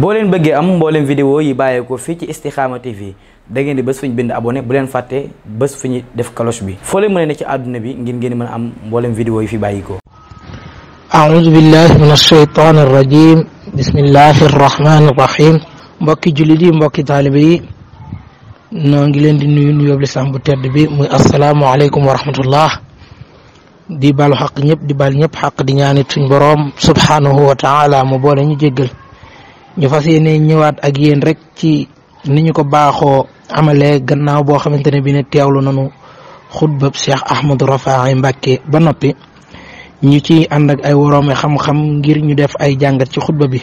boo leen bëggee am mbooleem vidéo yi bàyyeekoo fii ci Istikhama TV da ngeen di bés fu bind abone bu leen fàtte bés fu def cloche bi foo leen mën ci àdduna bi ngir ngeen mën am mbooleem vidéo yi fi bàyyikoo aoudu billahi min alsheytan arrajim bismillahi arrahmani arrahim mbokki jullit yi mbokki taalibe yi noo ngi leen di nuyu nuyoo lislaam bu tedd bi muy asalaamualeykum wa rahmatullah di baalu xaq ñëpp di baal ñëpp xaq di ñaanit suñ boroom subhanahu wa taala mu boole ñu jéggal ñu fa yéene ñëwaat ak yéen rek ci ni ñu ko baaxoo amalee gannaaw boo xamante ne bi ne teewlu nañu xutbab Cheikh Ahmadou Rafahi Mbacke ba noppi ñu ci àndak ay woroome xam-xam ngir ñu def ay jàngat ci xutba bi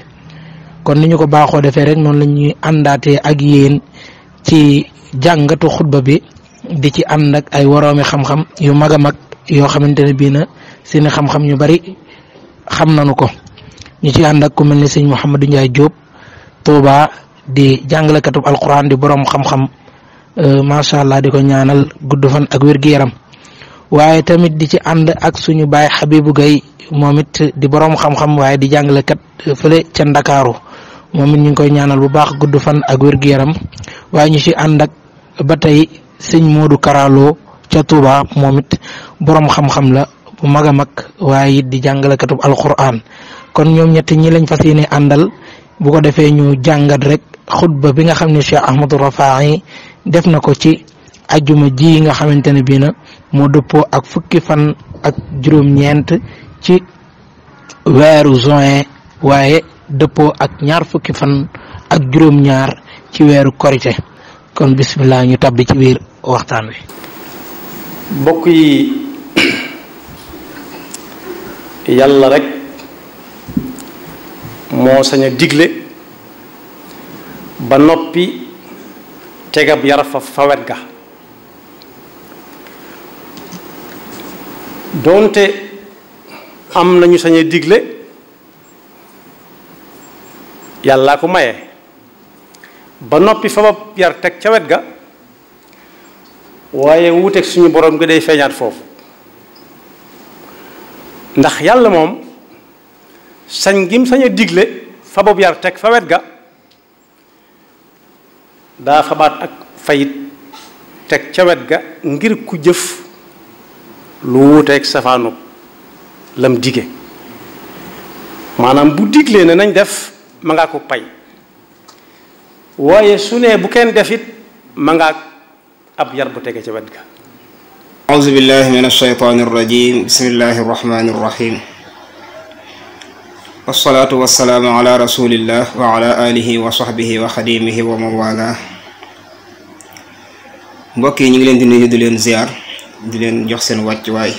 kon ni ko baaxoo defee rek noonu la ñuy àndaatee ak yéen ci jàngatu xutba bi di ci ànd ay woroome xam yu mag a mag yoo xamante ne bii na seeni xam-xam ñu bari xam nañu ko ñu ci ànd ak ku mel ne sëñ Mouhamadou Ndiaye Diop Touba di jàngalekatub alquran di boroom xam-xam euh, macha allah di ko ñaanal gudd fan ak wérgi yaram waaye tamit di ci ànd ak suñu baay Habibou Gaye moom it di boroom xam-xam waaye di jàngalekat euh, fële ca Ndakaaru moom it ñu ngi koy ñaanal bu baax gudd fan ak wér yaram waaye ñu ci ànd ak ba tey sëñ Modou Karalo ca Touba moom it borom xam-xam la bu mag a mag waaye it di jàngalekatub alquran kon ñoom ñett ñi lañ fas yéene àndal. bu ko defee ñu jàngat rek xutba bi nga xam ne Cheikh Ahmadou Rafahi def na ko ci ajuma ji nga xamante ne bii na moo dëppoo ak fukki fan ak juróom ci weeru juin waaye dëppoo ak ñaar fan ak juróom ci weeru korite kon bisimilah ñu tabbi ci biir waxtaan wi. mbokk yi yàlla rek. moo sañ digle ba noppi tegab yara fa fa ga doonte am nañu sañ a digle yàllaa ko maye ba noppi fa yar teg ca wet ga waaye wuuteeg suñu boroom gi day feeñaat foofu ndax yàlla moom sañ gim sañ a digle fa yar teg fa wet ga daa fabaat ak fayit teg ca wet ga ngir ku jëf lu wuuteeg safaanub lam dige maanaam bu diglee ne nañ def ma ngaa ko pay waaye su nee bu kenn defit ma ngaa ab yar bu tege ca wet ga auzu billahi min alshaytan arrajim bismillahi arrahmani arrahim wasalaatu wasalaamu ala rasulillah wa ala alihi wa sahbihi wa xadimihi wa mawala mbokk yi ñu ngi leen di nuyu di leen ziar di leen jox seen wàcc waay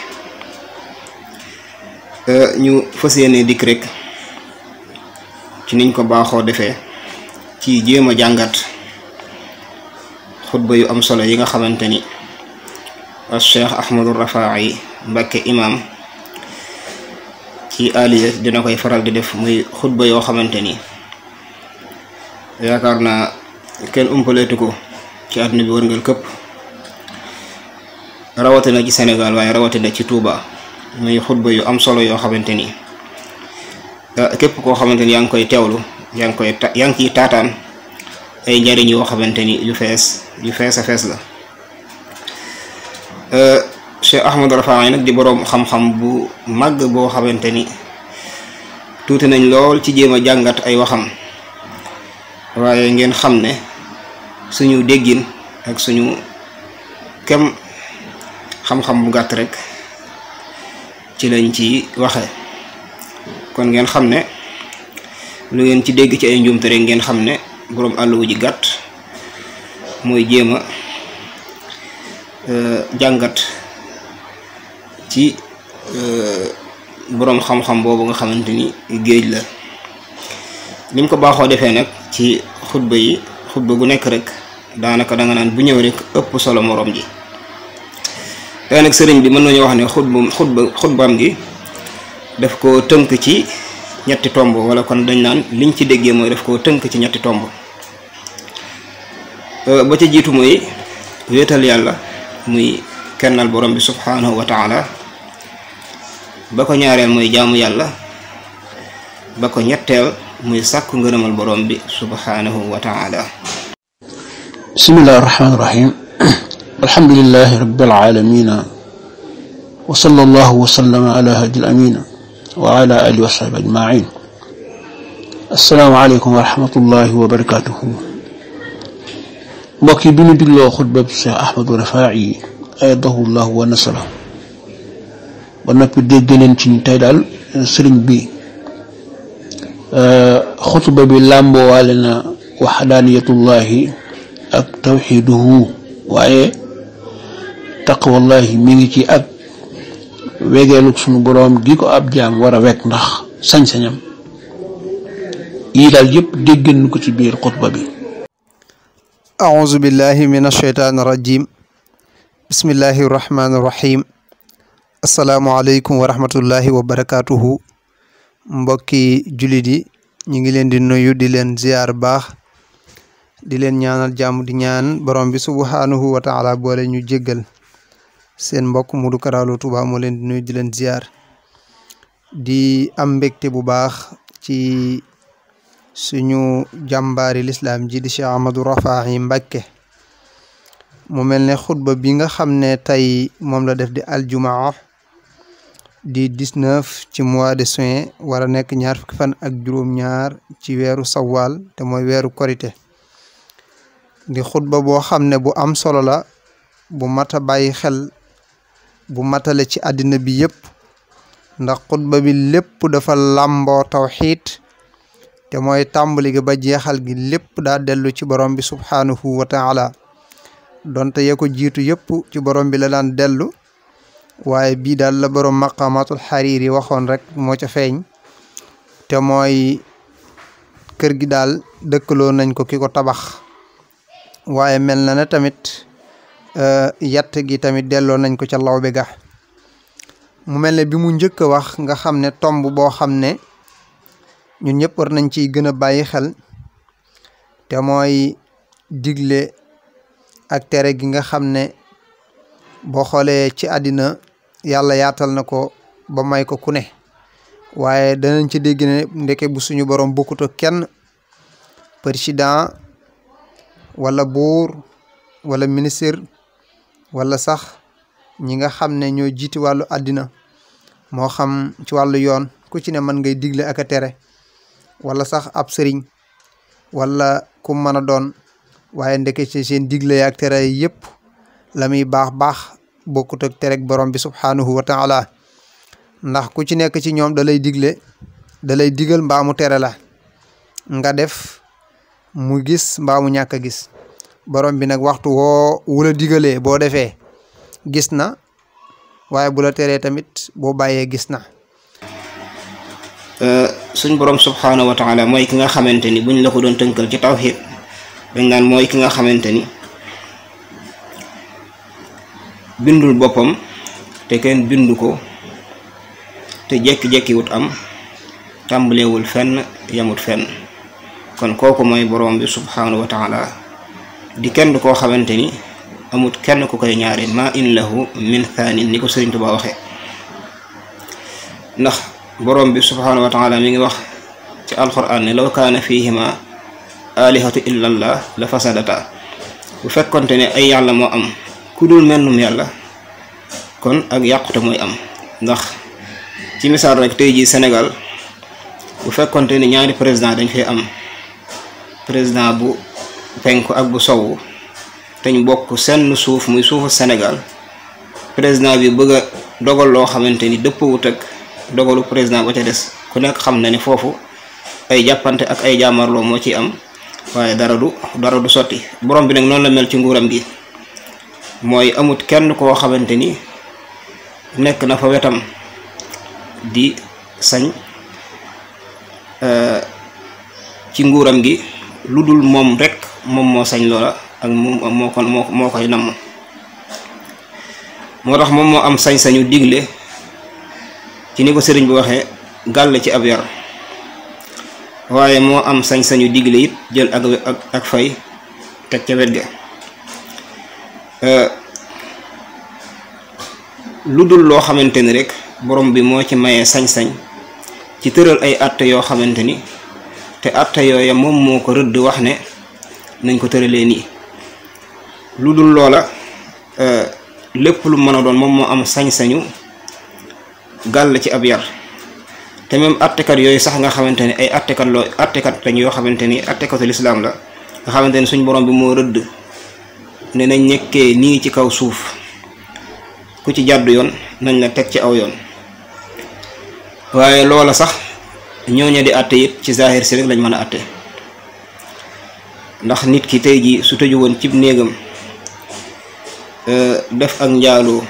ñu fas yéene dikk rek ci niñ ko baaxoo defee ci jéem a jàngat xutba yu am solo yi nga xamante ni al cheikh ahmadul rafaa mbakke imam ci aliya dina koy faral di def muy xutba yoo xamante ni yaakaar naa kenn umpaleetu ko ci àdduna bi wërngal këpp rawatina ci Sénégal waaye rawatina ci Touba muy xutba yu am solo yoo xamante ni képp koo xamante ni yaa ngi koy teewlu yaa ngi koy yaa ngi ciy taataan ay njariñ yoo xamante ni yu fees yu fees a fees la Cheikh Ahmad Rafaay nag di boroom xam-xam bu màgg boo xamante ni tuuti nañ lool ci jéem a jàngat ay waxam waaye ngeen xam ne suñu déggin ak suñu kem xam-xam bu gàtt rek ci lañ ci waxe kon ngeen xam ne lu ngeen ci dégg ci ay njuumte ngeen xam ne boroom àll wu ji gàtt mooy jéem a euh, jàngat ci euh, boroom xam-xam boobu nga xamante ni géej la niñ ko baaxoo defee nag ci xutba yi xutba gu nekk rek daanaka danga naan bu ñëw rekk ëpp solo moroom ji tey nag sëriñ bi mën nañu wax ne xutba xutba xutbaam gi daf ko tënk ci ñetti tomb wala kon dañ naan liñ ci déggee mooy daf koo tënk ci ñetti tomb euh, ba ca jiitu mooy wéetal yàlla muy kennal borom bi subhanahu wa ba ko ñaareel muy jaamu yàlla ba ko ñetteel muy sàkku ngërëmal borom bi subhaanahu wa taala bismillahi rahmaani rahim alhamdulilahi rabbil alamina wa sallallahu wa sallama ala hadi alamina wa ala alihi wa sahbi ajmain wa rahmatullahi wa barakatuhu mbokk yi bi ñu digloo wa nasara ba noppi dégg leen ci ñu tey daal euh, sëriñ bi euh, xutuba bi làmboowaale na waxdaaniyatullahi ak tawxiduhu waaye taqwallahi mi ngi ci ak wegeelug sunu boroom gi ko ab jaam war a wekk ndax sañ-sañam yii daal yëpp déggan ko ci biir xutba bi aouzu billahi min alsheytaan irrajim bismillahi irrahmani irrahim asalaamaaleykum wa rahmatullahi wa mbokki jullit yi ñu ngi leen di nuyu di leen ziar baax di leen ñaanal jàmm di ñaan borom bi subhaanahu wa boole ñu jéggal seen mbokk Modou Kara Lo Touba leen di nuyu di leen ziar di am mbégte bu baax ci suñu jàmbaari lislaam ji di Cheikh Ahmadou Rafahi Mbacké mu mel ne xutba bi nga xam ne tey moom la def di aljumaa di dix-neuf ci mois de juin war a nekk ñaar fukki fan ak juróom-ñaar ci weeru sawaal te mooy weeru korite di xutba boo xam ne bu am solo la bu xel bu matale ci àddina bi yëpp ndax xutba bi lépp dafa làmboo tawxiid te mooy tàmbali gi ba jeexal gi lépp daa dellu ci borom bi subhaanahu wa taala donte ya jiitu yëpp ci borom bi la daan dellu waaye bii daal la borom maqaamatul xariiri waxoon rek moo ca feeñ te mooy kër gi daal dëkkaloo nañ ko ki ko tabax waaye mel na ne tamit eh, yatt gi tamit delloo nañ ko ca lawbe ga mu mel ne bi mu njëkk a wax nga xam ne tomb boo xam ne ñun ñëpp war nañ ciy gën a bàyyi xel te mooy digle ak tere gi nga xam ne boo xoolee ci àddina yàlla yaatal na ko ba may ko ku ne waaye danañ ci dégg ne bu suñu borom bokkut ak kenn président wala buur walla ministre wala sax ñi nga xam ne ñoo jiiti wàllu àddina moo xam ci wàllu yoon ku ci ne mën ngay digle ak a tere wala sax ab sëriñ wala ku mën a doon waaye ndeke ci seen digle yaak tere yëpp la bokkut ak tereg borom bi subhaanahu wa taala ndax ku ci nekk ci ñoom da lay digle da lay digal mbaa mu tere la nga def mu gis mbaa mu ñàkk a gis borom bi nag waxtu woo wula digalee boo defee gis na waaye bu la teree tamit boo bàyyee gis na euh, suñ borom subhaanahu wa taala mooy ki nga xamante ni buñ la ko doon tënkal ci tawxiid dañ naan mooy ki nga xamante ni bindul boppam te kenn bindu ko te jekki-jekki am tàmbalewul fenn yamut fenn kon kooku mooy borom bi subhanahu wa taala di kenn koo xamante ni amut kenn ku koy ñaare ma in lahu min thaanin ni ko Sëriñ Tuubaa waxe ndax borom bi subhanahu wa taala ngi wax ci alquran ne law kaana fihima alihatu illa la fasadata bu fekkonte ne ay yàlla moo am ku dul mennum yàlla kon ak yàqute mooy am ndax ci misaal rek tey jii Sénégal bu fekkonte ni ñaari président dañ fay am président bu penku ak bu sowu te ñu bokk seen suuf muy suufu Sénégal président bi bëgg dogal loo xamante ni dëppwut ak dogalu président ba ca des ku nekk xam na ne foofu ay jàppante ak ay jaamarloo moo ci am waaye dara du dara du sotti borom bi nag noonu la mel ci nguuram gi mooy amut kenn koo xamante ni nekk na fa wetam di sañ euh, ci nguuram gi lu dul moom rekk moom moo sañ loola ak moom moo koy namm moo tax moom moo am sañ-sañu digle ci ni ko sëriñ bu waxee gàll ci ab yar waaye moo am sañ-sañu digle it jël ak ak fay teg ca wet ga lu dul loo xamante ni rek borom bi moo ci mayee sañ-sañ ci tëral ay atte yoo xamante ni te atte yooya moom moo ko rëdd wax ne nañ ko tëralee nii lu dul loola euh, lépp lu mën a doon moom moo am sañ-sañu gàll ci ab yar te même attekat yooyu sax nga xamante ni ay attekat loo attekat lañ yoo xamante ni attekatu lislaam la nga xamante ni suñ borom bi moo rëdd ne nañ nekkee nii ci kaw suuf ku ci jàddu yoon nañ la teg ci aw yoon waaye loola sax ñooñu di àtte it ci zaahir si rek lañ mën a àtte ndax nit ki tey jii su tëju woon cib néegam e, def ak njaaloo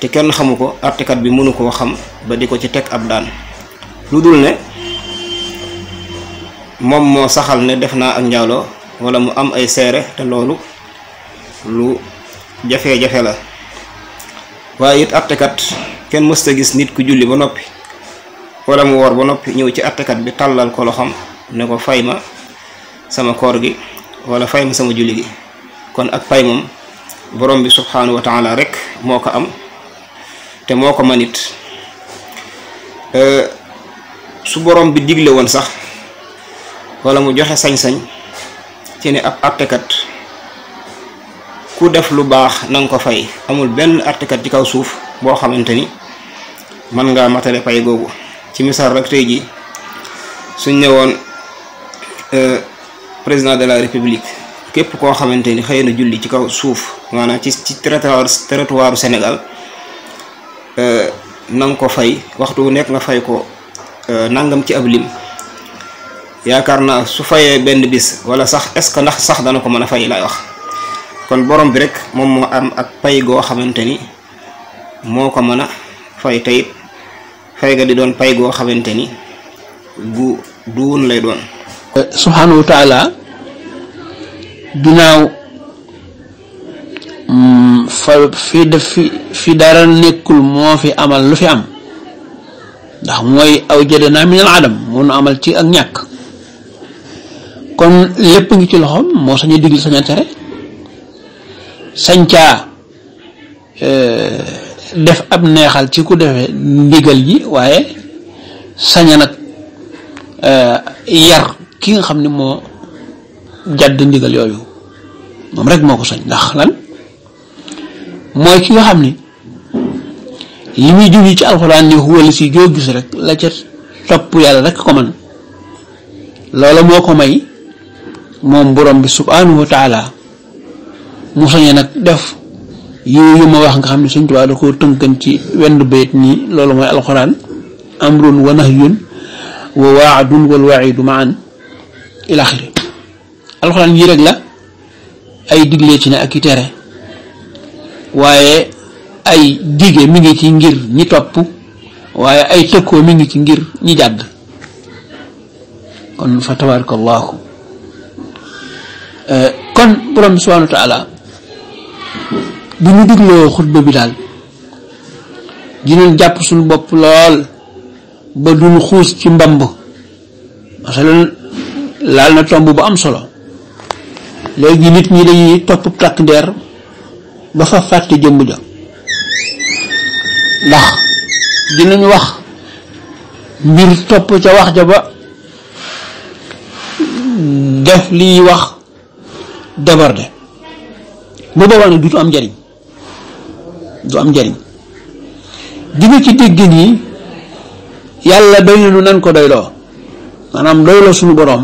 te kenn xamu ko àttekat bi mënu koo xam ba di ko ci teg ab daan lu dul ne moom moo saxal ne def naa ak njaaloo wala mu am ay seere te loolu lu jafe-jafe la waaye it attekat kenn mësta gis nit ku julli ba noppi wala mu woor ba noppi ñëw ci attekat bi tàllal ko loxoom ne ko fay ma sama koor gi wala fay sama julli gi kon ak pay borom bi subhanahu wa taala rek moo ko am te moo ko manit su borom bi digle woon sax wala mu joxe sañ-sañ ci ne ab àttekat ku def lu baax nanga ko fay amul benn àttekat ci kaw suuf boo xamante ni mën ngaa matale pay googu ci misaal rek tey ji suñ ne woon euh, président de la république képp koo xamante ni xëy na julli ci kaw suuf maanaam ci ci territoire territoire Sénégal euh, na nga ko fay waxtu nekk nga fay ko euh, nangam ci ab lim yaakaar naa su fayee benn bis wala sax est ce que ndax sax dana ko mën a fay lay wax kon borom bi rek moom moo am ak pay goo xamante ni moo ko mën a fay tayit fay ga di doon pay goo xamante ni gu duun lay doon eh, subhaanahu wa taala ginnaaw mm, fa fi def fi dara nekkul moo fi amal lu fi am ndax mooy aw jade naa minal adam moo nu amal ci ak ñàkk kon lépp ngi ci loxoom moo sañu digle sañu tere sañ caa euh, def ab neexal ci ku defee ndigal ji waaye saña nag euh, yar ki nga xam ne moo jàdd ndigal yooyu moom rek moo ko sañ ndax lan mooy ki nga xam ni li muy jug ci alxuraan ni wala si joo gis rek la ca topp yàlla rek ko man loola moo ko may moom borom bi subhanahu wa taala mu sañe def yii yu ma wax nga xam ne Sëñ Tuubaa da koo tënkan ci wenn bayt nii loolu mooy alxuraan amrun wa nahyun wa waadun wal waidu maan ila axiri alxuraan yii rek la ay digle ci ne ak i tere waaye ay dige mi ngi ci ngir ñi topp waaye ay tëkkoo mi ngi ci ngir ñi jàdd kon fa tabaarakallahu kon borom bi subhanahu wa taala bu ñu dégloo xutba bi daal dinañ jàpp suñu bopp lool ba duñ xuus ci mbamb masalan laal na tomb bu am solo léegi nit ñi dañuy topp takk der ba fa fàtte jëmb ja ndax dinañ wax mbir topp ca wax ja ba def ñuy wax débordé bu boobaa nag dutu am njariñ du am njariñ di nga ci dégg nii yàlla doy na nu nan ko doyloo maanaam doyloo suñu boroom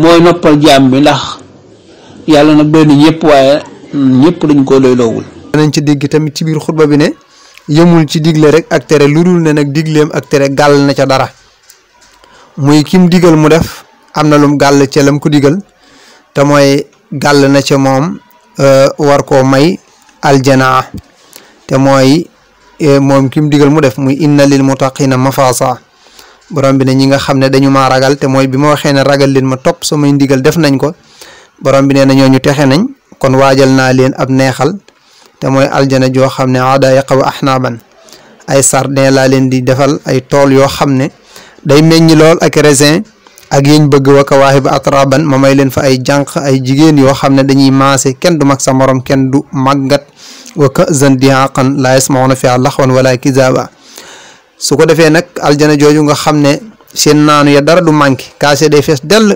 mooy noppal jaam bi ndax yàlla nag doy na ñëpp waaye ñëpp dañ koo doyloowul danañ ci dégg tamit ci biir xutba bi ne yëmul ci digle rek ak tere lu dul ne nag digleem ak tere gàll na ca dara muy kim digal mu def am na lum gàll ceelam ko digal te mooy gàll na ca moom euh, war koo may aljana te mooy euh, moom ki digal mu def muy inna lil mutaqina mafasa borom bi ne ñi nga xam ne dañu ma ragal te mooy bi ma waxee ne ragal leen ma topp samay ndigal def nañ ko borom bi nee na ñooñu texe nañ kon waajal naa leen ab neexal te mooy aljana joo xam ne adaayaqa wa axnaaban ay sardin laa leen di defal ay tool yoo xam ne day meññi lool ak raisin ak yéen bëgg wa kawaaxib atraban ma may leen fa ay jànq ay jigéen yoo xam ne dañuy maase kenn du mag sa morom kenn du màggat wa ka zan diaqan laa yasmauna fiha laxwan wala kizaaba su ko defee nag aljana jooju nga xam ne seen naanu ya dara du manqué kaase day fees dell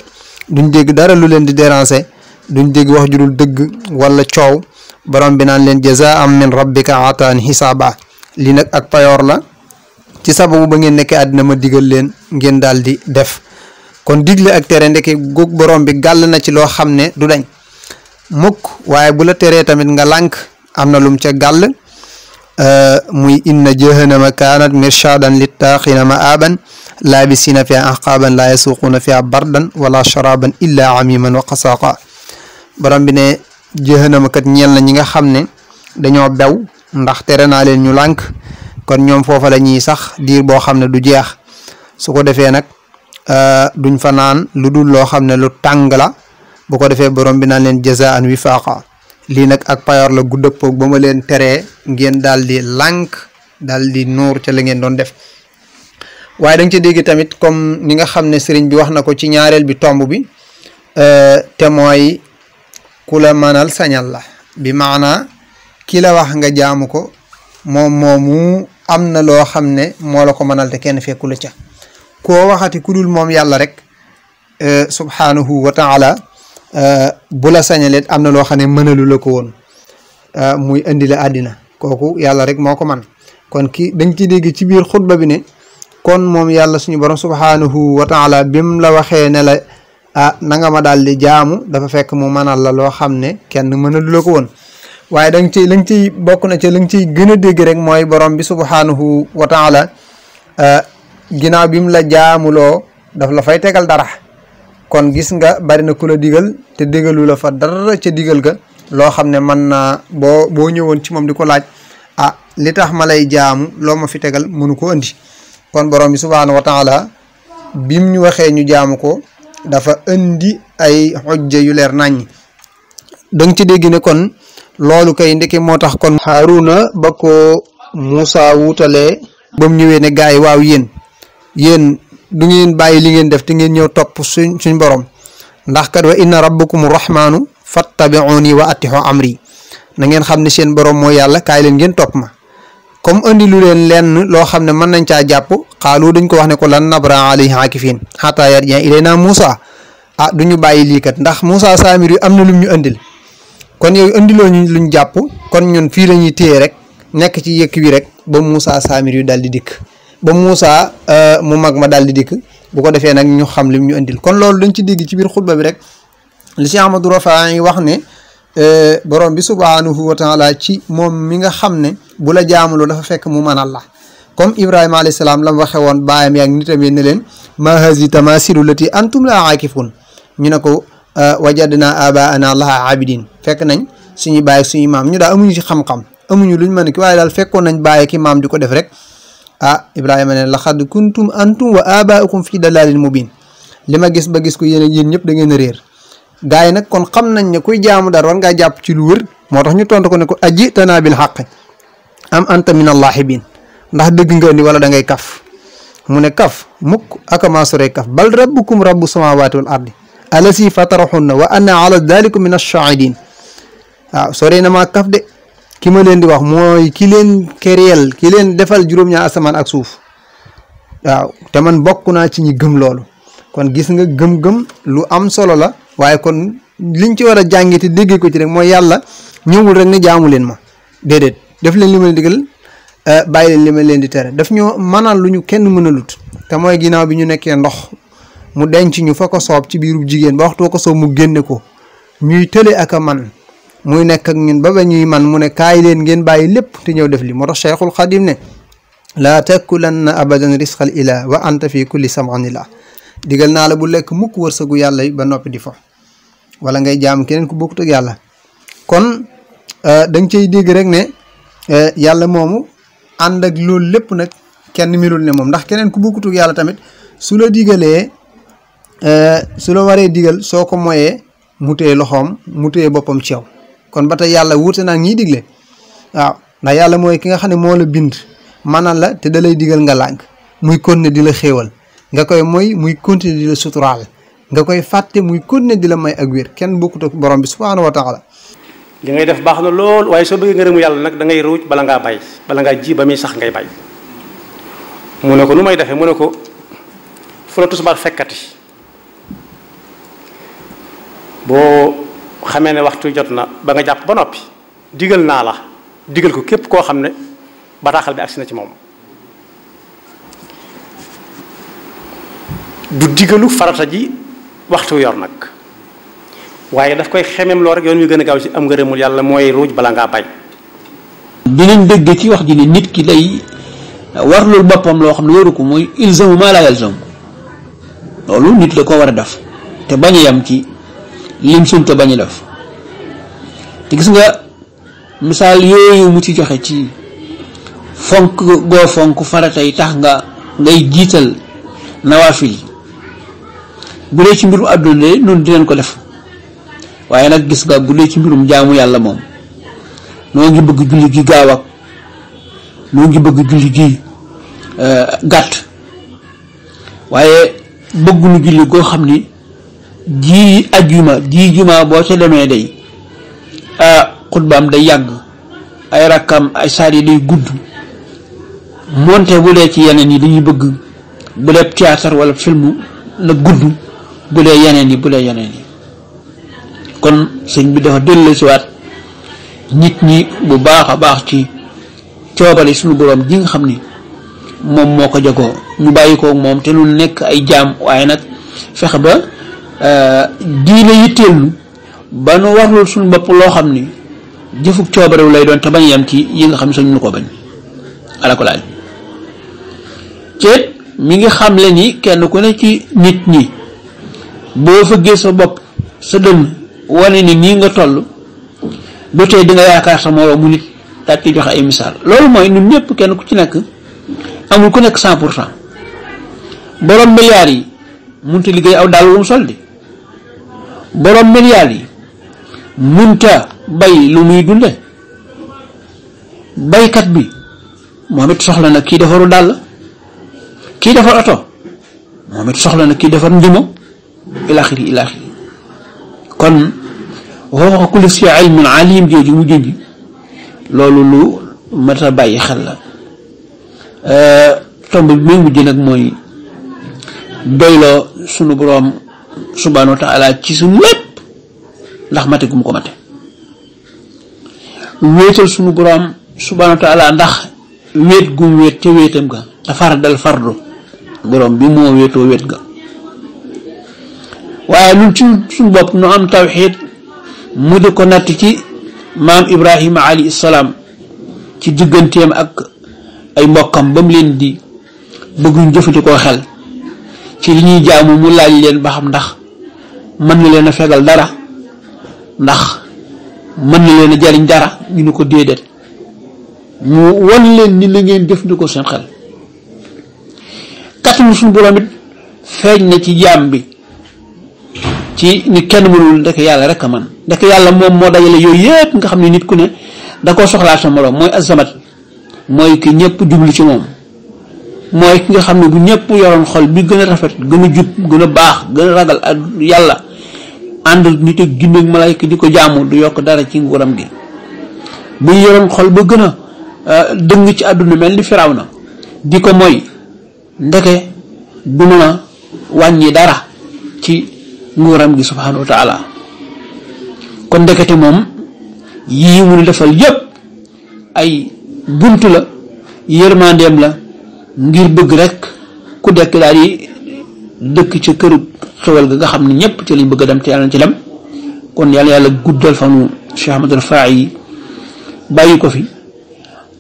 duñ dégg dara lu leen di déranger duñ dégg wax ju dul dëgg wala coow borom bi naan leen am min rabbika ataan xisaaba li nag ak payoor la ci sababu ba ngeen nekkee àddina ma digal leen ngeen daal di def kon digle ak tere ndeke góog borom bi gàll na ci loo xam ne du dañ mukk waaye bu la teree tamit nga lànk am na lum ca gàll euh, muy inna jahannama kaanat mirshadan littaaqiina ma'aaban laabisiina fiihaa ahqaaban laa yasuuquuna fiihaa bardan wala sharaaban illaa amiman wa qasaaqa borom bi ne jahannama kat ñeel na ñi nga xam ne dañoo bew ndax tere naa leen ñu lànk kon ñoom foofa la ñuy sax diir boo xam ne du jeex su ko defee nag Euh, duñ fa naan lu dul loo xam ne lu tàng la bu ko defee borom bi naan leen jazaan wifaaqa lii nag ak payoor la gu dëppoog ba ma leen teree ngeen daal di lànk daal di nuur ca la ngeen doon def waaye da ci dégg tamit comme ni nga xam ne sëriñ bi wax na ko ci ñaareel bi tomb bi euh, te mooy ku la mënal sañal la bi maana ki la wax nga jaamu ko moom moomu am na loo xam ne moo la ko mënal te kenn fekku la ca koo waxati ku dul moom yàlla rek euh, subhaanahu wa taala euh, bu la sañalee am na loo xam ne mënalu la ko woon euh, muy indi la àddina kooku yàlla rek moo ko man kon ki dañ ci dégg ci biir xutba bi ne kon moom yàlla suñu borom subhaanahu wa taala bim la waxee ne la ah nanga ma daal di jaamu dafa fekk mu mënal la loo xam ne kenn mënalu la ko woon waaye da nga ciy bokk na ci la ciy gën a dégg rek mooy borom bi subhaanahu wa taala ginaaw bi mu la jaamuloo daf la fay tegal dara kon gis nga bari na ku la digal te digalu la fa dara ca digal ga loo xam ne mën naa boo boo ñëwoon ci moom di ko laaj a ah, li tax ma lay jaamu loo ma fi tegal mënu ko andi kon borom bi subhaanahu wa taala bim ñu waxee ñu jaamu ko dafa andi ay xojja yu leer naññ danga ci dégg ne kon loolu kay ndeke moo tax kon Haaruna ba ko Muusa wutale ba mu ñëwee ne gaay waaw yéen yéen du ngeen bàyyi li ngeen def te ngeen ñëw topp suñ suñ borom ndax kat wa inna rabbakum rahmaanu fattabiuni wa atixu amri na ngeen xam ne seen borom mooy yàlla kaay leen ngeen topp ma comme andi lu leen lenn loo xam ne mën nañ caa jàpp xaalu dañ ko wax ne ko lan nabra alayhi akifin xataa yarji'a naa Muusa ah du ñu bàyyi lii kat ndax Muusa Saamiri am na lum ñu indil kon yow andiloo ñu luñ jàpp kon ñun fii lañuy ñuy téye rek nekk ci yëkk wi rek ba Muusa Saamiri daal di dikk. ba Moussa euh, mu mag ma daal di dikk boo ko defee nag ñu xam lim ñu indil kon loolu dañ ci dégg ci biir xutba bi rek li si Amadou Rafa yi wax ne euh, borom bi subhanahu wa taala ci moom mi nga xam ne bu la jaamuloo dafa fekk mu man Allah comme Ibrahima alayhi salaam la mu waxee woon baayam yaag nitam yi ne leen ma hazi tamasilu lati antum la aakifun ñu ne ko na euh, wajadna abaana laha abidin fekk nañ suñu baay suñu maam ñu daal amuñu ci xam-xam amuñu luñ mën ki waaye daal fekkoon nañ baay ki maam di ko def rek ah Ibrahima ne laqad kuntum antum wa abaaukum fi dalalin mubin li ma gis ba gis ko yéen yéen ñëpp da ngeen a réer gars yi nag kon xam nañ ne kuy jaamu dara war ngaa jàpp ci lu moo tax ñu tontu ko ne ko aji tanaa bil xaq am anta min allaahibin ndax dëgg nga indi wala da ngay kaf mu ne kaf mukk akamansuré kaf bal rabbukum rabbu samawati wal ardi a fataraxunna wa anna ala dalikum min alchaahidin waaw kaf de ki ma leen di wax mooy ki leen kereel ki leen defal juróom-ñaar asamaan ak suuf waaw te man bokk naa ci ñi gëm loolu kon gis nga gëm-gëm lu am solo la waaye kon liñ ci war a jàngee te déggee ko ci rek mooy yàlla ñëwul rek ne jaamu leen ma déedéet def leen li ma leen digal eh, bàyyi li ma leen di tere daf ñoo mënal lu ñu kenn mën a lut te mooy ginnaaw bi ñu nekkee ndox mu denc ñu fa soob ci biiru jigéen ba waxtu ko soob mu génne ko ñuy tële ak a man muy nekk ak ñun ba ba man mu ne kaay leen ngeen bàyyi lépp te ñëw def li moo tax seexul xadim ne laa takulanna abadan risqal ila wa anta fi kulli saman ila digal naa la bu lekk mukk wërsëgu yàlla ba noppi di fo wala ngay jaam keneen ku bokkut yàlla kon euh, da nga cay rek ne euh, yàlla moomu ànd ak loolu lépp nag kenn melul ne moom ndax keneen ku bokkut yàlla tamit su la digalee euh, su la waree digal soo ko moyee mu téye loxoom mu téye boppam ci yow kon ba tey yàlla wuute naa ñiy digle waaw ndax yàlla mooy ki nga xam ne moo la bind maanaam la te da lay digal nga lànk muy continuer di la xéewal nga koy moy muy continuer di la suturaal nga koy fàtte muy continuer di la may ak wér kenn bokkut ak borom bi subhaanahu wa taala li ngay def baax na lool waaye soo bëggee ngërëmu yàlla nag dangay ngay ruuj bala ngaa bay bala ngaa ji ba muy sax ngay bay mu ne ko nu may defee mu ne ko fu la tusbaar fekkati boo xamee ne waxtu jot na ba nga jàpp ba noppi digal naa la digal ko képp koo xam ne bataaxal bi agsi na ci moom du digalu farata ji waxtu yor nag waaye daf koy xemem loo rek yoon yu gën a gaaw ci am yàlla mooy ruuj bala ngaa bañ dinañ dégg wax ji nit ki day war loolu boppam loo xam ne waru ko mooy ilzamu maa loolu nit la ko war a def te bañ yam ci lim suñ te bañ def te gis nga misaal yooyu mu ci joxe ci fonk goo fonk farata yi tax nga ngay jiital nawaafil bu dee ci mbirum àdduna de noonu dinañ ko def waaye nag gis nga bu dee ci mbirum jaamu yàlla moom noo ngi bëgg julli gi gaaw ak ngi bëgg julli gi euh, gàtt waaye bëgguñu julli goo xam ni jii ji ajjuma ji juma boo ca demee day xutbaam day yàgg ay rakkam ay saar yi day gudd moonte bu dee ci yeneen yi dañuy bëgg bu dee théâtre wala film na gudd bu dee yeneen yi bu yeneen kon sëñ bi dafa dellusiwaat nit ñi bu baax a baax ci coobale suñu boroom ji nga xam ni moom moo ko jagoo ñu bàyyi ko moom te lu nekk ay jaam waaye nag fexe ba Euh, diine yitteelu ba nu warlul suñu bopp loo xam ni jëfug coobarew lay doon te bañ yam ci yi nga xam ne sañu ko bañ ala ko laaj ceet mi ngi xamle ni kenn ku ne ci nit ñi boo fëggee sa sa dënn wane ni nii nga toll du tey di nga yaakaar sa moroomu nit daal ci joxe ay misaal loolu mooy ñun kenn ku ci nekk amul ku nekk cent pour cent borom milliards yi mënut a liggéey aw daal wu mu sol di borom milliards yi munta bay lu muy dunde baykat bi moom it soxla na kii defaru dàll kii defar oto moom it soxla na kii defar njëma ilaxiri ilaxiri kon waxoo kulli si ilmin alim jooju mu jënj loolu lu mat a bàyyi xel la tomb bi muy mujj nag mooy doyloo sunu boroom subhaanahu wa ci suñu lépp ndax mate gu mu ko mate wéetal suñu boroom subhaanahu wa ndax wéet gu wéet ca wéetam ga te fardal fardu boroom bi moo wéetoo wéet ga waaye ñun ci suñu bopp nu am tawxiid mu di ko natt ci maam Ibrahima alayhi salaam ci digganteem ak ay mbokkam ba mu leen di bëgguñ jëfandikoo xel ci li ñuy jaamu mu laaj leen ba xam ndax mën na leen a fegal dara ndax mën na leen a jariñ dara ñu ni ko déedéet mu wan leen ni na ngeen jëfandikoo seen xel kattanu suñu borom feeñ na ci jaam bi ci ni kenn mënul ndek yàlla rek a man ndek yàlla moom moo dajale yooyu yëpp nga xam ne nit ku ne da koo soxlaa sa morom mooy azamat mooy ki ñëpp jublu ci moom mooy ki nga xam ne bu ñëpp yoroon xol bi gën a rafet gën a jub gën a baax gën a ragal ak yàlla ànd nit ak jinne ak malaayka di ko jaamu du yokk dara ci nguuram gi bu yoroon xol ba gën a euh, dëng ci àdduna mel ni firaaw na di ko mooy ndeke du mën a wàññi dara ci nguuram gi subhaanahu wa taala kon ndekete moom yii mu defal yépp ay bunt la yërmandeem la ngir bëgg rekk ku dekk daal di dëkk ci kër xewal ga nga xam ne ñëpp ci lañ bëgg a dem ci yàlla ci dem kon yàlla yàlla guddal fanu Cheikh Ahmadul Faa'i yi bàyyi ko fi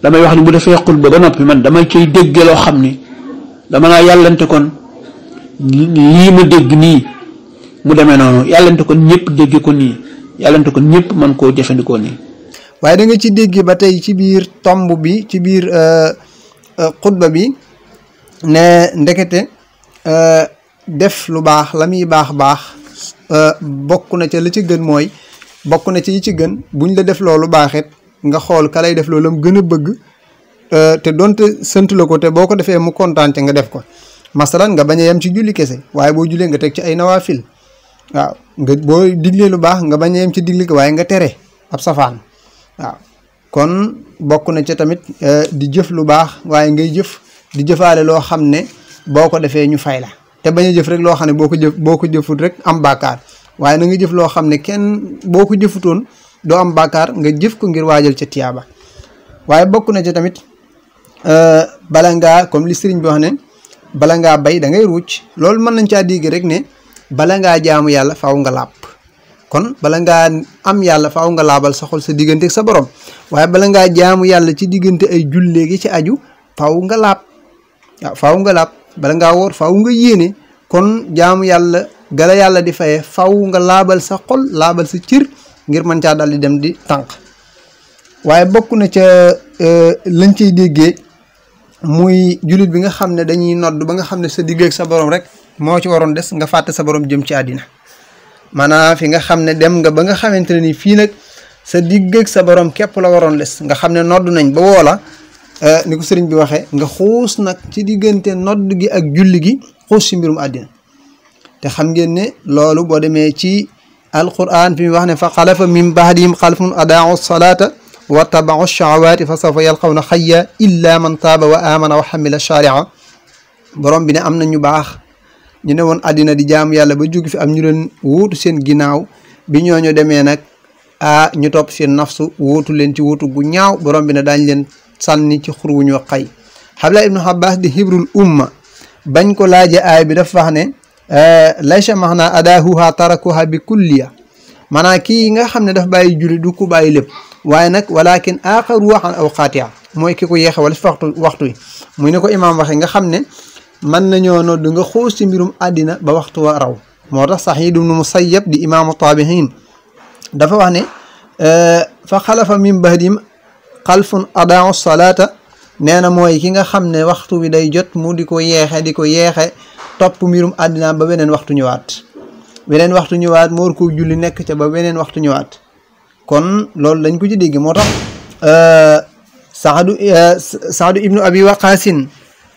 damay wax ni bu defee xutba ba noppi man damay cay dégge loo xam ne dama naa dégg nii mu demee noonu yàllante kon ñëpp ko nii yàllante kon ñëpp mën koo jëfandikoo nii. waaye ci dégg ba tey ci biir tomb bi ci biir euh, euh, xutba bi ne ndekete. Euh, def lu baax la muy baax baax euh, bokk na ca la ci gën mooy bokk na ci yi ci gën buñ la def loolu baaxet nga xool ka lay def loolu am gën a bëgg euh, te donte sant la ko te boo ko defee mu kontaan nga def ko masalan nga bañ a ci julli kese waaye boo jullee nga teg ci ay nawaafil waaw nga boo diglee lu baax nga bañ a ci digli ko waaye nga tere ab safaan waaw kon bokk na ca tamit euh, di jëf lu baax waaye ngay jëf di jëfaale loo xam ne boo ko defee ñu fay la te bañ a jëf rek loo xam ne boo ko jëf boo ko jëfut rek am bàkkaar waaye na nga jëf loo xam ne kenn boo ko jëfutoon doo am bàkkaar nga jëf ko ngir waajal ca tiyaaba waaye bokk na ci tamit euh, bala ngaa comme li sëriñ bi wax bala ngaa bay da ngay ruuc loolu mën nañ caa dégg rek ne bala ngaa jaamu yàlla faw nga làpp kon bala ngaa am yàlla faaw nga laabal sa xol sa diggante sa borom waaye bala ngaa jaamu yàlla ci diggante ay jullee léegi ci aju faaw nga làpp waaw nga làpp bala ngaa woor faw nga yéene kon jaamu yàlla gala yàlla di faye faw nga laabal sa xol laabal sa cër ngir mën caa dal di dem di tànq waaye bokk na ca e, lañ cay déggee muy jullit bi nga xam ne dañuy nodd ba nga xam ne sa digg sa borom rek moo ci waroon des nga fàtte sa borom jëm ci àddina maanaam fi nga xam ne dem nga ba nga xamante ne ni fii nag sa digg sa borom képp la waroon des nga xam ne nodd nañ ba woola Euh, ni ko sëriñ bi waxee nga xuus nag ci diggante nodd gi ak julli gi xuus ci mbirum àddina te xam ngeen ne loolu boo demee ci alquran fi mu wax ne fa xalafa min bahdihim xalfun adaau salata wa tabaau shahawaati fa sawfa yalqawna xayya illa man taaba wa amana wa xamila sharia borom bi ne am na ñu baax ñu ne woon àddina di jaamu yàlla ba jóg fi am ñu leen wuutu seen ginnaaw bi ñooñu demee nag a ah, ñu topp seen nafsu wuutu leen ci wuutu gu ñaaw borom bi ne daañ leen sànni ci xur wu ñu wax xay xabla ibnu abbas di hibrul umma bañ ko laaje aay bi dafa wax ne max eh, na laysa maxnaa adaahuha tarakuha bi kulliya maanaam kii nga xam ne daf bàyyi julli du ko bàyyi lépp waaye nag walakin wax waxan aw xaatia mooy ki ko yeexe wala si waxtu waxtu muy ne ko imaam waxe nga xam ne mën nañoo nodd nga xuus ci mbirum àddina ba waxtu wa raw moo tax Sahiid ibnu Musayyab di imaamu taabihin dafa wax ne eh, fa xalafa min bahdihim xalfun adaau salaata nee na mooy ki nga xam ne waxtu wi day jot mu di ko yeexe di ko yeexe topp mbirum àddina ba weneen waxtu ñëwaat beneen waxtu ñëwaat mu war koo julli nekk ca ba weneen waxtu ñëwaat kon loolu lañ ko ci dégg moo tax euh, saadu euh, saadu ibnu abi waqaasin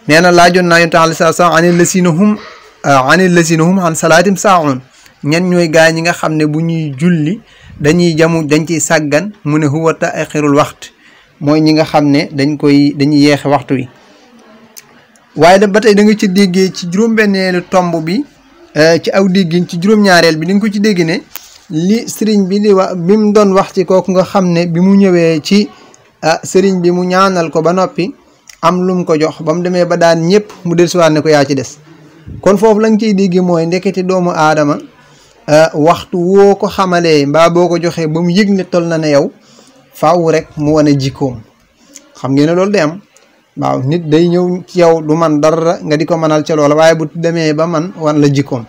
nee na laajoon naa yonent alayhi salaam ani lasina hum euh, ani lasina hum an salaatim saaun ñan ñooy ñi nga xam ne bu ñuy julli dañuy jamu dañ ciy sàggan mu ne huwa taaxirul waxtu mooy ñi nga xam ne dañ koy dañuy yeexe waxtu wi waaye da ba tey danga ci déggee ci juróom-benneelu tomb bi eh, ci aw déggin ci juróom-ñaareel bi di nga ko ci déggine li sëriñ bi di wax bi mu doon wax ci kooku nga xam ne bi mu ñëwee ci ah, sëriñ bi mu ñaanal ko ba noppi am lum ko jox ba mu demee ba daan ñëpp mu dellusiwaat ne ko yaa ci des kon foofu lañ ciy dégg mooy ndekete doomu aadama eh, waxtu woo ko xamalee mbaa boo ko joxee ba mu yëg ne toll na ne yow faaw rek mu wane jikkoom xam ngeen ne loolu day am waaw nit day ñëw ci yow du man dara nga di ko mënal ca loola waaye bu demee ba man wan la jikkoom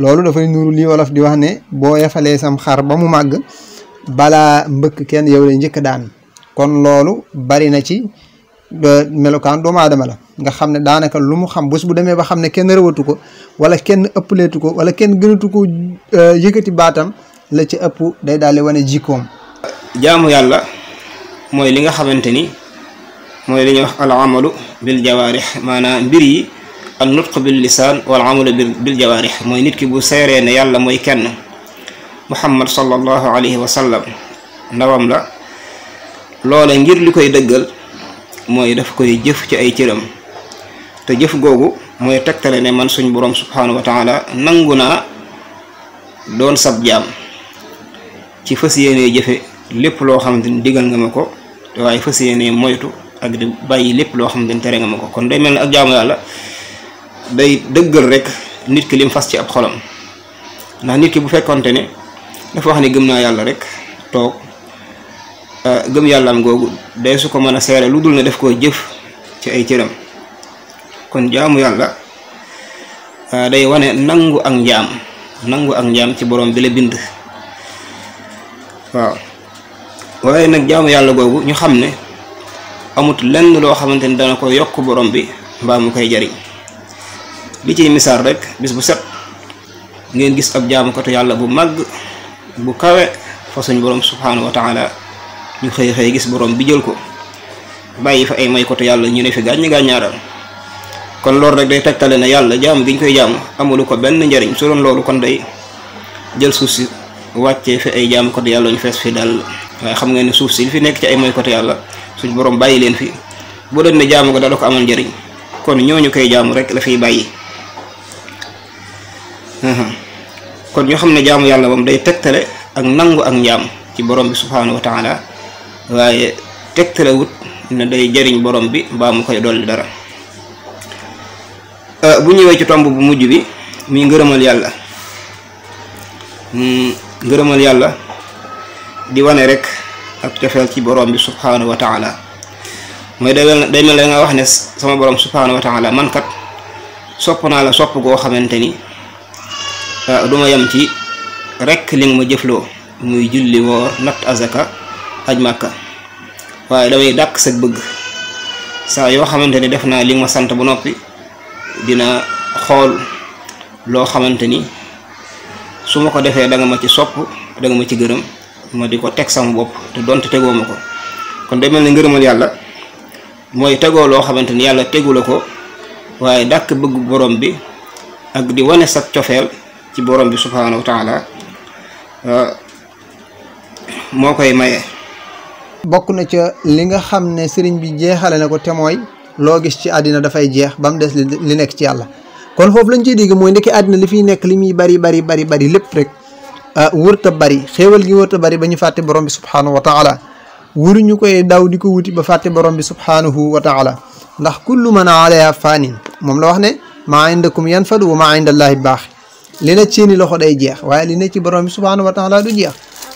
loolu dafay nuru li wolof di wax ne boo yafalee sam xar ba mu màgg balaa mbëkk kenn yow la njëkk daan kon loolu bari na ci melokaan doomu aadama la nga xam ne daanaka lu mu xam bés bu demee ba xam ne kenn rëwatu ko wala kenn ëpp leetu ko wala kenn gënatu ko euh, yëkkati baatam la ci ëpp day daal di wane jikkoom jaamu yàlla mooy li nga xamante ni mooy li ñuy wax al amalu bil jawaarix maanaam mbir yi al nutq bil lisaan wal amalu bil jawaarix mooy nit ki bu seeree ne yàlla mooy kenn muhammad sallallahu alayhi wa sallam ndawam la loole ngir li koy dëggal mooy daf koy jëf ci ay cëram te jëf googu mooy tegtale ne man suñ boroom subhaanahu wa taala nangu naa doon sab jaam ci fas yéenee jëfe lépp loo xamante ni digal nga ma ko waaye fas yéene moytu ak di bàyyi lépp loo xamante ni tere nga ma ko kon day mel ne ak jaamu yàlla day dëggal rek nit ki lim fas ci ab xolam ndax nit ki bu fekkonte ne dafa wax ne gëm naa yàlla rek toog ah, gëm yàllaam googu day su ko mën a seere lu dul ne def koo jëf ci ay cëram kon jaamu yàlla ah, day wane nangu ak njaam nangu ak njaam ci borom bi la bind waaw waaye nag jaamu yàlla googu ñu xam ne amut lenn loo xamante ni dana ko yokk boroom bi mbaam mu koy jariñ li ci misaal rek bis bu set ngeen gis ab jaamukatu yàlla bu màgg bu kawe fa suñ borom subhaanahu wa taala ñu xëy xëy gis boroom bi jël ko bàyyi fi ay maykatu yàlla ñu ne fi gàññ gàññaaral kon loolu rek day tegtale na yàlla jaamu gi ñu koy jaamu amulu ko benn njariñ su doon loolu kon day jël suuf si wàccee fi ay jaamukatu yàlla ñu fees fi dal waaye xam ngeen ne suuf si li fi nekk ci ay mooy yàlla suñ borom bàyyi leen fi boo doon ne jaamu ko dala ko amal njëriñ kon ñu koy jaamu rek la fiy bàyyi kon ñoo xam ne jaamu yàlla moom day tegtale ak nangu ak njaam ci borom bi subhanahu wa taala waaye tegtale wut ne day jëriñ borom bi mbaa mu koy dolli dara euh, bu ñëwee ci tomb bu mujj bi muy ngërëmal yàlla hmm, ngërëmal yàlla di wane rek ak cofeel ci borom bi subhaanahu wa taala mooy day mel day mel nga wax ne sama borom subhaanahu wa taala man kat sopp naa la sopp goo xamante ni ah, du ma ci rek li nga ma jëfloo muy julli woor natt azaka aj waaye damay dàkk sa bëgg saa yoo xamante ni def naa li nga ma sant bu noppi dina xool loo xamante ni su ma ko defee danga ma ci sopp da ma ci gërëm ma di ko teg sama bopp te donte tegoo ma ko kon day mel ne ngërëmal yàlla mooy tegoo loo xamante ni yàlla tegu la ko waaye dàkk bëgg borom bi ak di wane sa cofeel ci borom bi subhaanahu wa taala euh, moo koy maye. bokk na ca li nga xam ne sëriñ bi jeexale na ko te mooy loo gis ci àddina dafay jeex ba mu des li nekk ci yàlla kon foofu lañ ciy dégg mooy ndekki àddina li fiy nekk li muy bari bari bari bari lépp rek. Ah, wërta bari xéewal gi wërta bari ba ñu fàtte borom bi subhaanahu wa taala wuruñu koy daw di ko wuti ba fàtte borom bi subhaanahu wa taala ndax kullu man alayha faanin moom la wax ne maa indakum yanfadu wa maa indallahi baax li ne ci ni loxo day jeex waaye li ne ci borom bi subhaanahu wa taala du jeex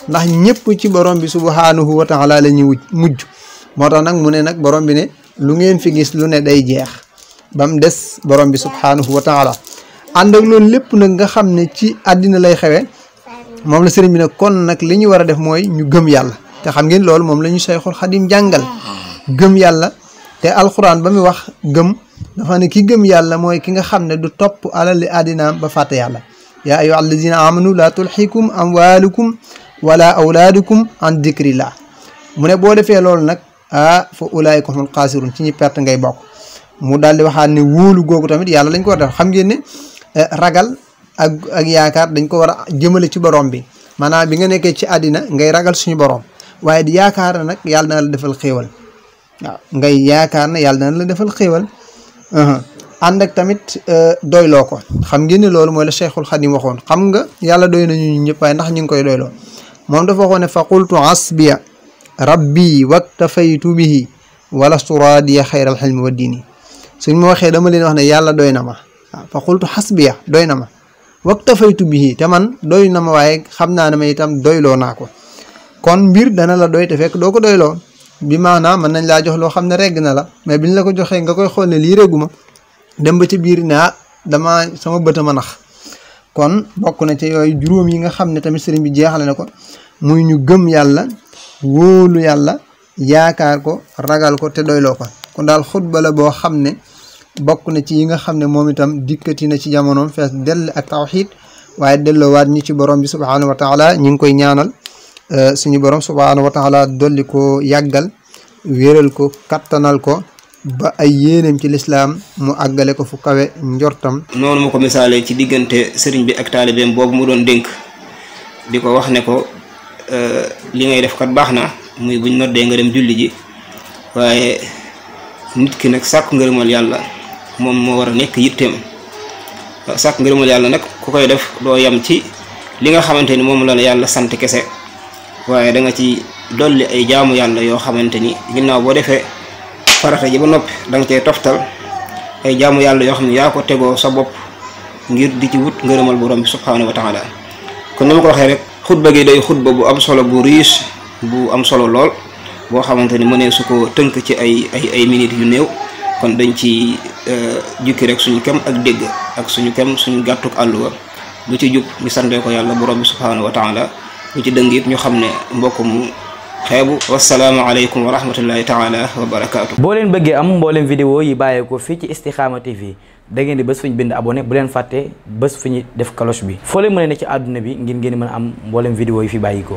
ndax ñëpp ci borom bi subhaanahu wa taala la ñuy mujj moo tax nag mu ne nag borom bi ne lu ngeen fi gis lu ne day jeex bam des borom bi subhaanahu wa taala ànd ak loolu lépp nag nga xam ne ci àddina lay xewe moom la sëriñ bi kon nag li ñu war a def mooy ñu gëm yàlla te xam ngeen loolu moom la ñu Sayxul Xadim jàngal gëm yàlla te alxuraan ba mu wax gëm dafa ne ki gëm yàlla mooy ki nga xam ne du topp alal li ba fàtte yàlla yaa ayyuha alladina amanu laa tulxikum amwalukum wala awlaadukum an dikrillah mu ne boo defee loolu nag ah fa ulaayka humul xaasirun ci ñi perte ngay bokk mu daal di waxaat ne wóolu googu tamit yàlla lañ ko war def xam ngeen eh, ragal ak ak yaakaar dañ ko war a jëmale ci borom bi manaa bi nga nekkee ci àddina ngay ragal suñu borom waaye di yaakaar na nag yàlla na la defal xéewal ngay yaakaar na yàlla na la defal xéewal ànd ak tamit euh, doyloo ko xam ngeen loolu mooy la Cheikhul Xadim waxoon xam nga yàlla doy nañu ñëpp waaye ndax ñu ngi koy doyloo moom dafa waxoon ne fa qultu asbiya rabbi waktafaytu bihi walastu raadiya xayral xilmi wa diini suñ ma waxee dama leen wax ne yàlla doy na ma waaw fa qultu doy na ma waktafaytu bihi te man doy na ma waaye xam naa ne ma itam doyloo naa ko kon mbir dana la doy te fekk doo ko doyloo bi maanaam mën nañ laa jox loo xam ne regg na la mais biñ la ko joxee nga koy xool ne lii reggu ma dem ba ci biir ne ah dama sama bët ma nax kon bokk na ci yooyu juróom yi nga xam ne tamit sëriñ bi jeexale na ko muy ñu gëm yàlla wóolu yàlla yaakaar ko ragal ko te doyloo ko kon daal xutba la boo xam ne bokk na ci yi nga xam ne moom itam dikkati na ci jamono fees dell ak tawxiid waaye delloowaat ñu ci boroom bi subhaanahu wa taala ñu ngi koy ñaanal euh, suñu borom subaana wa taala dolli ko yàggal wéeral ko kattanal ko ba ay yéeneem ci lislaam mu àggale ko fu kawe njortam. noonu ma ko misaalee ci diggante sëriñ bi ak taalibeem boobu mu doon dënk di ko wax ne ko euh, li ngay def kat baax na muy buñ noddee nga dem julli waaye nit ki nag sàkku ngërëmal yàlla. moom moo war a nekk yitteem sàkk ngërëmul yàlla nag ku koy def doo yem ci li nga xamante ni moom la la yàlla sant kese waaye da nga ci dolli ay jaamu yàlla yoo xamante ni ginnaaw boo defee farata ji ba noppi da nga cay toftal ay jaamu yàlla yoo xam ne yaa ko tegoo sa bopp ngir di ci wut ngërëmal borom bi subhaanahu wa taala kon ni ma ko waxee rek xutba gi day xutba bu am solo bu riis bu am solo lool boo xamante ni mënee su ko tënk ci ay ay ay minutes yu néew kon dañ ci euh, jukki rek suñu kem ak dégg ak suñu kem suñu gàttuk àlluwa lu ci jub ñu sante ko yàlla borom bi subhanahu wa taala lu ci dëng it ñu xam ne mbokk mu xeebu wasalaamaaleykum wa rahmatullahi taala wa barakaatu. boo leen bëggee am mbooleem vidéo yi bàyyeekoo fii ci Istikhama TV da ngeen di bës fu ñu bind abonné bu leen fàtte bés fu ñu def cloche bi foo leen mën ne ci àdduna bi ngir ngeen mën am mbooleem vidéo yi fi bàyyikoo